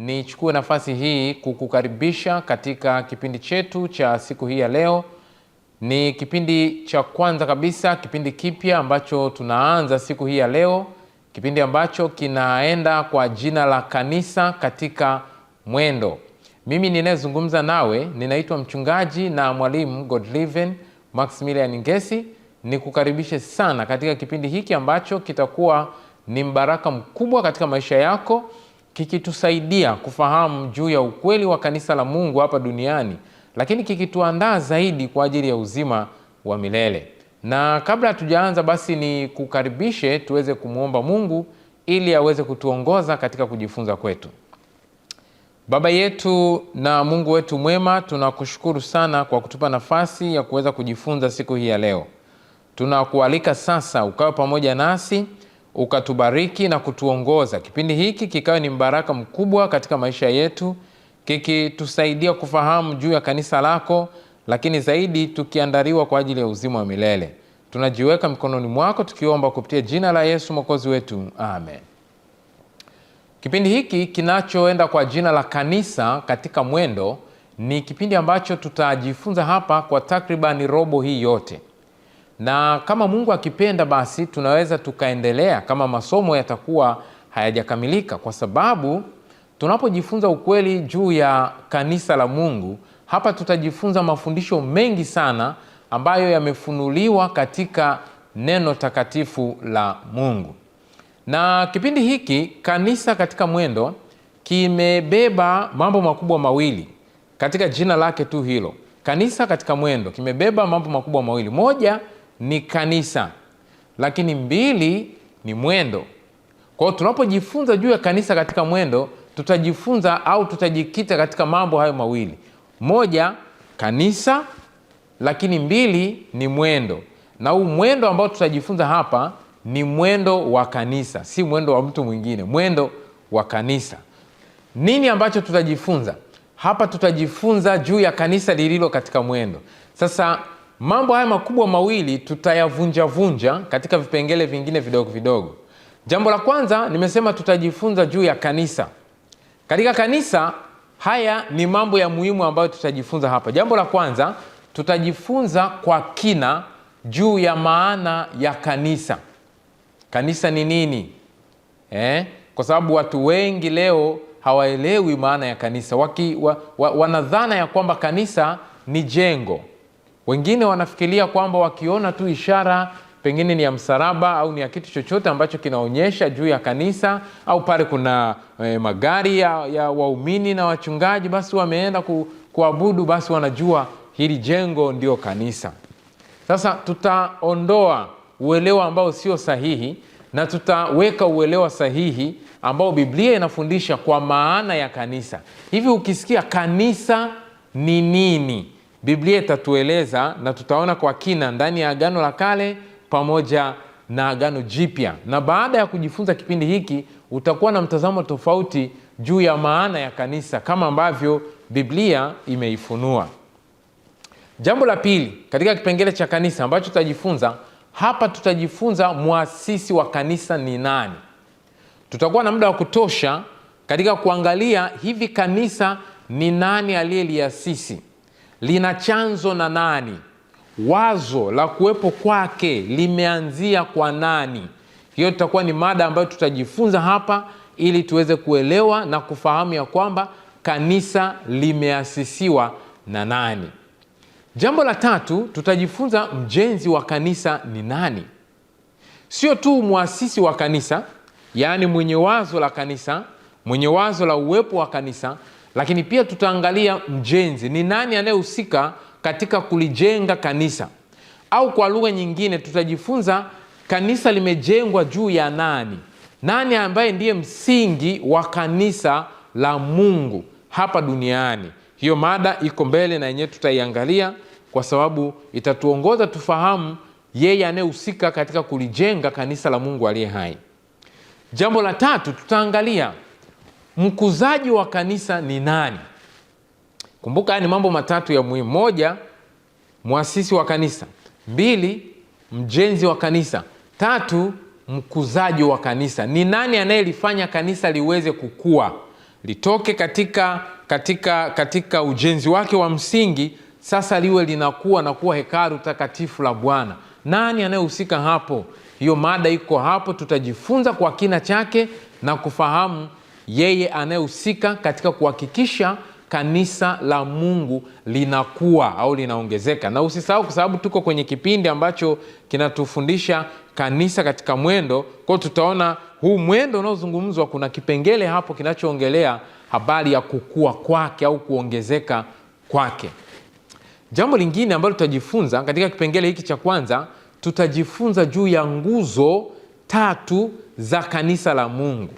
nichukue nafasi hii kukukaribisha katika kipindi chetu cha siku hii ya leo. Ni kipindi cha kwanza kabisa, kipindi kipya ambacho tunaanza siku hii ya leo, kipindi ambacho kinaenda kwa jina la Kanisa katika Mwendo. Mimi ninayezungumza nawe ninaitwa mchungaji na mwalimu Godliven Maximilian Ngesi. Nikukaribishe sana katika kipindi hiki ambacho kitakuwa ni mbaraka mkubwa katika maisha yako kikitusaidia kufahamu juu ya ukweli wa kanisa la Mungu hapa duniani, lakini kikituandaa zaidi kwa ajili ya uzima wa milele. Na kabla hatujaanza, basi ni kukaribishe tuweze kumwomba Mungu ili aweze kutuongoza katika kujifunza kwetu. Baba yetu na Mungu wetu mwema, tunakushukuru sana kwa kutupa nafasi ya kuweza kujifunza siku hii ya leo. Tunakualika sasa ukawe pamoja nasi ukatubariki na kutuongoza, kipindi hiki kikawe ni mbaraka mkubwa katika maisha yetu, kikitusaidia kufahamu juu ya kanisa lako, lakini zaidi tukiandaliwa kwa ajili ya uzima wa milele. Tunajiweka mikononi mwako tukiomba kupitia jina la Yesu mwokozi wetu, amen. Kipindi hiki kinachoenda kwa jina la Kanisa katika Mwendo ni kipindi ambacho tutajifunza hapa kwa takribani robo hii yote na kama Mungu akipenda, basi tunaweza tukaendelea kama masomo yatakuwa hayajakamilika, kwa sababu tunapojifunza ukweli juu ya kanisa la Mungu hapa tutajifunza mafundisho mengi sana ambayo yamefunuliwa katika neno takatifu la Mungu. Na kipindi hiki Kanisa katika Mwendo kimebeba mambo makubwa mawili katika jina lake tu hilo. Kanisa katika Mwendo kimebeba mambo makubwa mawili, moja ni kanisa, lakini mbili ni mwendo. Kwa tunapojifunza juu ya kanisa katika mwendo, tutajifunza au tutajikita katika mambo hayo mawili: moja, kanisa, lakini mbili ni mwendo. Na huu mwendo ambao tutajifunza hapa ni mwendo wa kanisa, si mwendo wa mtu mwingine, mwendo wa kanisa. Nini ambacho tutajifunza hapa? Tutajifunza juu ya kanisa lililo katika mwendo. Sasa Mambo haya makubwa mawili tutayavunjavunja katika vipengele vingine vidogo vidogo. Jambo la kwanza nimesema tutajifunza juu ya kanisa. Katika kanisa haya ni mambo ya muhimu ambayo tutajifunza hapa. Jambo la kwanza tutajifunza kwa kina juu ya maana ya kanisa. Kanisa ni nini? Eh? Kwa sababu watu wengi leo hawaelewi maana ya kanisa. wa, wa, wanadhana ya kwamba kanisa ni jengo wengine wanafikiria kwamba wakiona tu ishara pengine ni ya msalaba au ni ya kitu chochote ambacho kinaonyesha juu ya kanisa au pale kuna e, magari ya, ya waumini na wachungaji, basi wameenda ku, kuabudu, basi wanajua hili jengo ndio kanisa. Sasa tutaondoa uelewa ambao sio sahihi na tutaweka uelewa sahihi ambao Biblia inafundisha kwa maana ya kanisa. Hivi ukisikia kanisa ni nini? Biblia itatueleza na tutaona kwa kina ndani ya Agano la Kale pamoja na Agano Jipya, na baada ya kujifunza kipindi hiki utakuwa na mtazamo tofauti juu ya maana ya kanisa kama ambavyo Biblia imeifunua. Jambo la pili katika kipengele cha kanisa ambacho tutajifunza hapa, tutajifunza mwasisi wa kanisa ni nani. Tutakuwa na muda wa kutosha katika kuangalia hivi kanisa ni nani aliyeliasisi lina chanzo na nani, wazo la kuwepo kwake limeanzia kwa nani. Hiyo tutakuwa ni mada ambayo tutajifunza hapa ili tuweze kuelewa na kufahamu ya kwamba kanisa limeasisiwa na nani. Jambo la tatu, tutajifunza mjenzi wa kanisa ni nani, sio tu mwasisi wa kanisa, yaani mwenye wazo la kanisa, mwenye wazo la uwepo wa kanisa lakini pia tutaangalia mjenzi ni nani anayehusika katika kulijenga kanisa, au kwa lugha nyingine tutajifunza kanisa limejengwa juu ya nani, nani ambaye ndiye msingi wa kanisa la Mungu hapa duniani. Hiyo mada iko mbele na yenyewe tutaiangalia kwa sababu itatuongoza tufahamu yeye anayehusika katika kulijenga kanisa la Mungu aliye hai. Jambo la tatu tutaangalia mkuzaji wa kanisa ni nani? Kumbuka haya ni mambo matatu ya muhimu: moja, mwasisi wa kanisa; mbili, mjenzi wa kanisa; tatu, mkuzaji wa kanisa. Ni nani anayelifanya kanisa liweze kukua, litoke katika, katika, katika ujenzi wake wa msingi, sasa liwe linakuwa na kuwa hekaru takatifu la Bwana? Nani anayehusika hapo? Hiyo mada iko hapo, tutajifunza kwa kina chake na kufahamu yeye anayehusika katika kuhakikisha kanisa la Mungu linakuwa au linaongezeka. Na usisahau, kwa sababu tuko kwenye kipindi ambacho kinatufundisha kanisa katika mwendo, kwao tutaona huu mwendo unaozungumzwa, kuna kipengele hapo kinachoongelea habari ya kukua kwake au kuongezeka kwake. Jambo lingine ambalo tutajifunza katika kipengele hiki cha kwanza, tutajifunza juu ya nguzo tatu za kanisa la Mungu.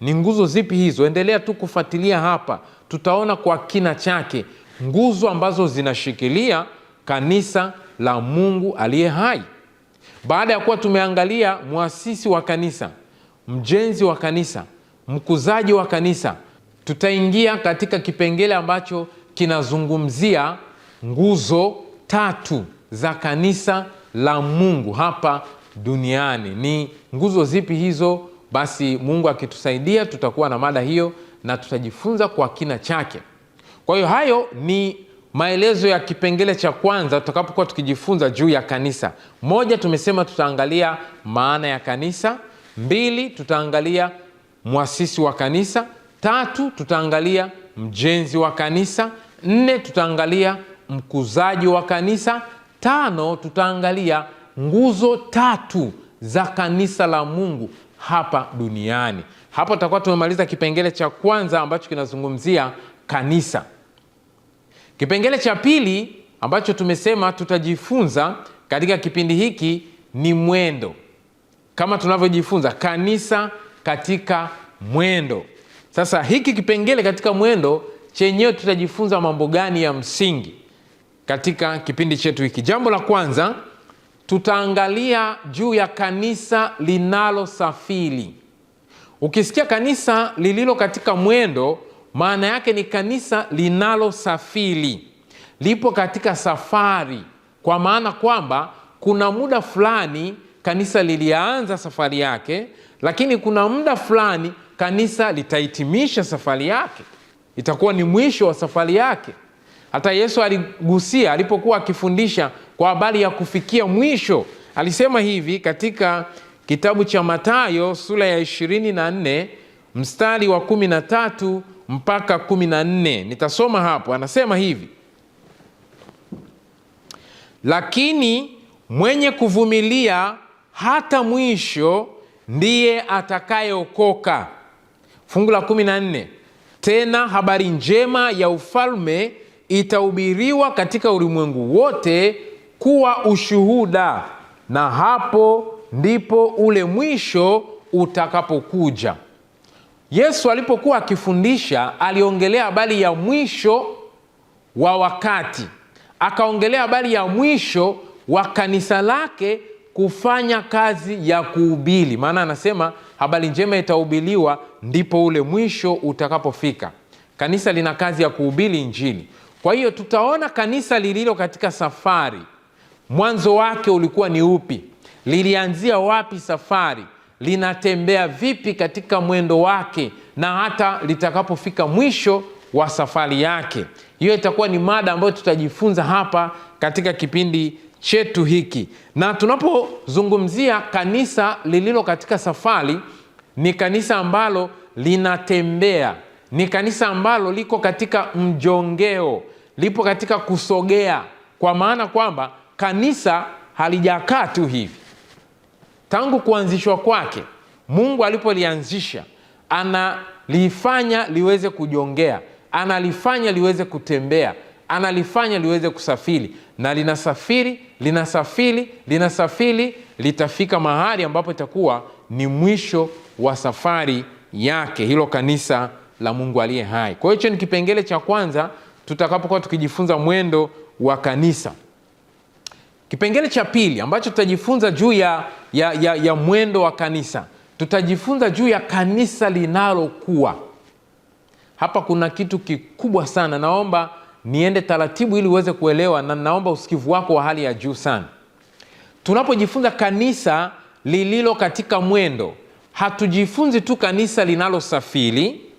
Ni nguzo zipi hizo? Endelea tu kufuatilia hapa, tutaona kwa kina chake nguzo ambazo zinashikilia kanisa la Mungu aliye hai. Baada ya kuwa tumeangalia mwasisi wa kanisa, mjenzi wa kanisa, mkuzaji wa kanisa, tutaingia katika kipengele ambacho kinazungumzia nguzo tatu za kanisa la Mungu hapa duniani. Ni nguzo zipi hizo? basi Mungu akitusaidia tutakuwa na mada hiyo na tutajifunza kwa kina chake. Kwa hiyo hayo ni maelezo ya kipengele cha kwanza tutakapokuwa tukijifunza juu ya kanisa. Moja, tumesema tutaangalia maana ya kanisa. Mbili, tutaangalia mwasisi wa kanisa. Tatu, tutaangalia mjenzi wa kanisa. Nne, tutaangalia mkuzaji wa kanisa. Tano, tutaangalia nguzo tatu za kanisa la Mungu hapa duniani. Hapo tutakuwa tumemaliza kipengele cha kwanza ambacho kinazungumzia kanisa. Kipengele cha pili ambacho tumesema tutajifunza katika kipindi hiki ni mwendo, kama tunavyojifunza kanisa katika mwendo. Sasa hiki kipengele katika mwendo chenyewe tutajifunza mambo gani ya msingi katika kipindi chetu hiki? Jambo la kwanza tutaangalia juu ya kanisa linalosafiri. Ukisikia kanisa lililo katika mwendo, maana yake ni kanisa linalosafiri, lipo katika safari, kwa maana kwamba kuna muda fulani kanisa lilianza safari yake, lakini kuna muda fulani kanisa litahitimisha safari yake, itakuwa ni mwisho wa safari yake. Hata Yesu aligusia alipokuwa akifundisha kwa habari ya kufikia mwisho, alisema hivi katika kitabu cha Mathayo sura ya 24 mstari wa 13 mpaka 14. Nitasoma hapo, anasema hivi: lakini mwenye kuvumilia hata mwisho ndiye atakayeokoka. Fungu la 14, tena habari njema ya ufalme itahubiriwa katika ulimwengu wote kuwa ushuhuda, na hapo ndipo ule mwisho utakapokuja. Yesu alipokuwa akifundisha, aliongelea habari ya mwisho wa wakati, akaongelea habari ya mwisho wa kanisa lake kufanya kazi ya kuubili maana anasema habari njema itahubiliwa ndipo ule mwisho utakapofika. Kanisa lina kazi ya kuhubili Injili. Kwa hiyo tutaona kanisa lililo katika safari, mwanzo wake ulikuwa ni upi? Lilianzia wapi safari? Linatembea vipi katika mwendo wake, na hata litakapofika mwisho wa safari yake. Hiyo itakuwa ni mada ambayo tutajifunza hapa katika kipindi chetu hiki, na tunapozungumzia kanisa lililo katika safari, ni kanisa ambalo linatembea ni kanisa ambalo liko katika mjongeo, lipo katika kusogea, kwa maana kwamba kanisa halijakaa tu hivi. Tangu kuanzishwa kwake, Mungu alipolianzisha analifanya liweze kujongea, analifanya liweze kutembea, analifanya liweze kusafiri, na linasafiri, linasafiri, linasafiri, litafika mahali ambapo itakuwa ni mwisho wa safari yake, hilo kanisa la Mungu aliye hai. Kwa hiyo hicho ni kipengele cha kwanza tutakapokuwa tukijifunza mwendo wa kanisa. Kipengele cha pili ambacho tutajifunza juu ya, ya, ya, ya mwendo wa kanisa, tutajifunza juu ya kanisa linalokuwa. Hapa kuna kitu kikubwa sana, naomba niende taratibu ili uweze kuelewa, na naomba usikivu wako wa hali ya juu sana. Tunapojifunza kanisa lililo katika mwendo, hatujifunzi tu kanisa linalosafiri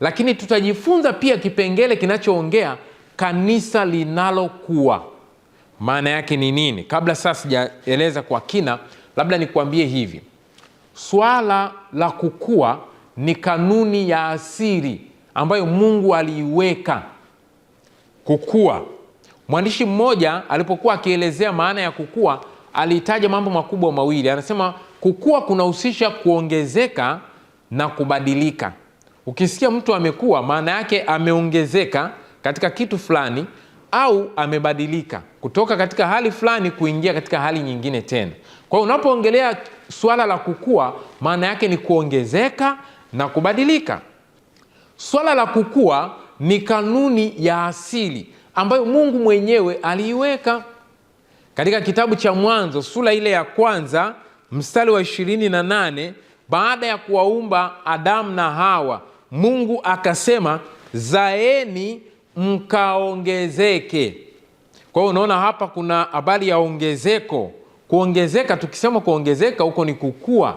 lakini tutajifunza pia kipengele kinachoongea kanisa linalokuwa maana yake ni nini. Kabla sasa sijaeleza kwa kina, labda nikuambie hivi, swala la kukua ni kanuni ya asiri ambayo Mungu aliiweka kukua. Mwandishi mmoja alipokuwa akielezea maana ya kukua alitaja mambo makubwa mawili, anasema kukua kunahusisha kuongezeka na kubadilika. Ukisikia mtu amekuwa, maana yake ameongezeka katika kitu fulani au amebadilika kutoka katika hali fulani kuingia katika hali nyingine tena. Kwa hiyo unapoongelea swala la kukua, maana yake ni kuongezeka na kubadilika. Swala la kukua ni kanuni ya asili ambayo Mungu mwenyewe aliiweka katika kitabu cha Mwanzo sura ile ya kwanza mstari wa ishirini na nane baada ya kuwaumba Adamu na Hawa Mungu akasema zaeni mkaongezeke. Kwa hiyo unaona hapa kuna habari ya ongezeko, kuongezeka. Tukisema kuongezeka huko ni kukua.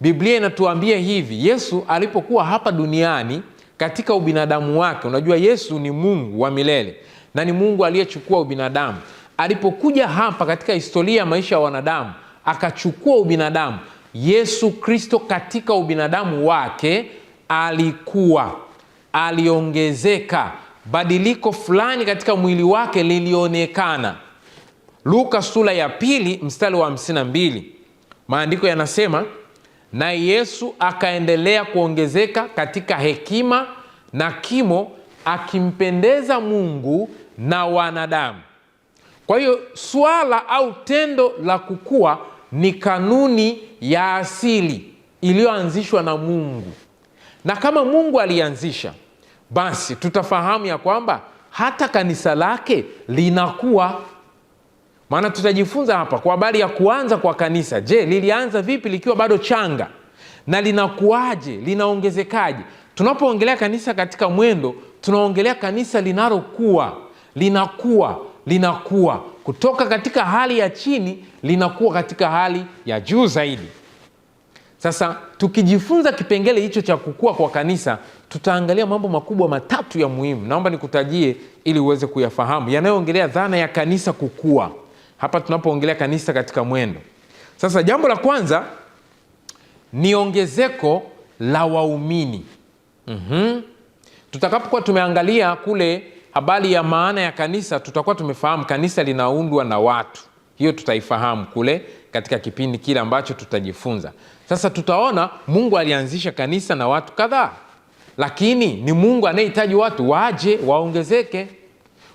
Biblia inatuambia hivi, Yesu alipokuwa hapa duniani katika ubinadamu wake, unajua Yesu ni Mungu wa milele na ni Mungu aliyechukua ubinadamu. Alipokuja hapa katika historia ya maisha ya wanadamu, akachukua ubinadamu. Yesu Kristo katika ubinadamu wake alikuwa, aliongezeka, badiliko fulani katika mwili wake lilionekana. Luka sura ya pili mstari wa hamsini mbili maandiko yanasema, na Yesu akaendelea kuongezeka katika hekima na kimo, akimpendeza Mungu na wanadamu. Kwa hiyo swala au tendo la kukua ni kanuni ya asili iliyoanzishwa na Mungu. Na kama Mungu alianzisha, basi tutafahamu ya kwamba hata kanisa lake linakuwa. Maana tutajifunza hapa kwa habari ya kuanza kwa kanisa. Je, lilianza vipi likiwa bado changa na linakuaje? Linaongezekaje? Tunapoongelea kanisa katika mwendo, tunaongelea kanisa linalokuwa, linakuwa, linakuwa kutoka katika hali ya chini linakuwa katika hali ya juu zaidi. Sasa tukijifunza kipengele hicho cha kukua kwa kanisa, tutaangalia mambo makubwa matatu ya muhimu. Naomba nikutajie ili uweze kuyafahamu yanayoongelea dhana ya kanisa kukua, hapa tunapoongelea kanisa katika mwendo. Sasa jambo la kwanza ni ongezeko la waumini. mm-hmm. Tutakapokuwa tumeangalia kule habari ya maana ya kanisa, tutakuwa tumefahamu kanisa linaundwa na watu hiyo tutaifahamu kule katika kipindi kile ambacho tutajifunza. Sasa tutaona Mungu alianzisha kanisa na watu kadhaa, lakini ni Mungu anayehitaji watu waje waongezeke.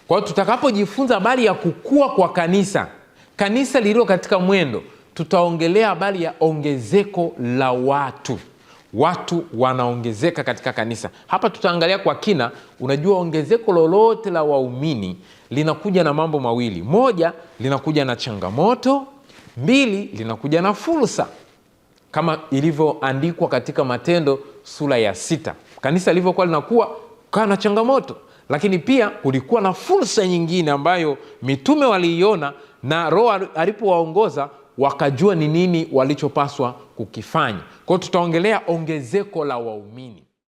Kwa hiyo tutakapojifunza habari ya kukua kwa kanisa, kanisa lililo katika mwendo, tutaongelea habari ya ongezeko la watu watu wanaongezeka katika kanisa. Hapa tutaangalia kwa kina. Unajua, ongezeko lolote la waumini linakuja na mambo mawili: moja, linakuja na changamoto; mbili, linakuja na fursa, kama ilivyoandikwa katika Matendo sura ya sita. Kanisa lilivyokuwa linakuwa kaa na changamoto, lakini pia kulikuwa na fursa nyingine ambayo mitume waliiona na Roho alipowaongoza wakajua ni nini walichopaswa kukifanya. kwao tutaongelea ongezeko la waumini.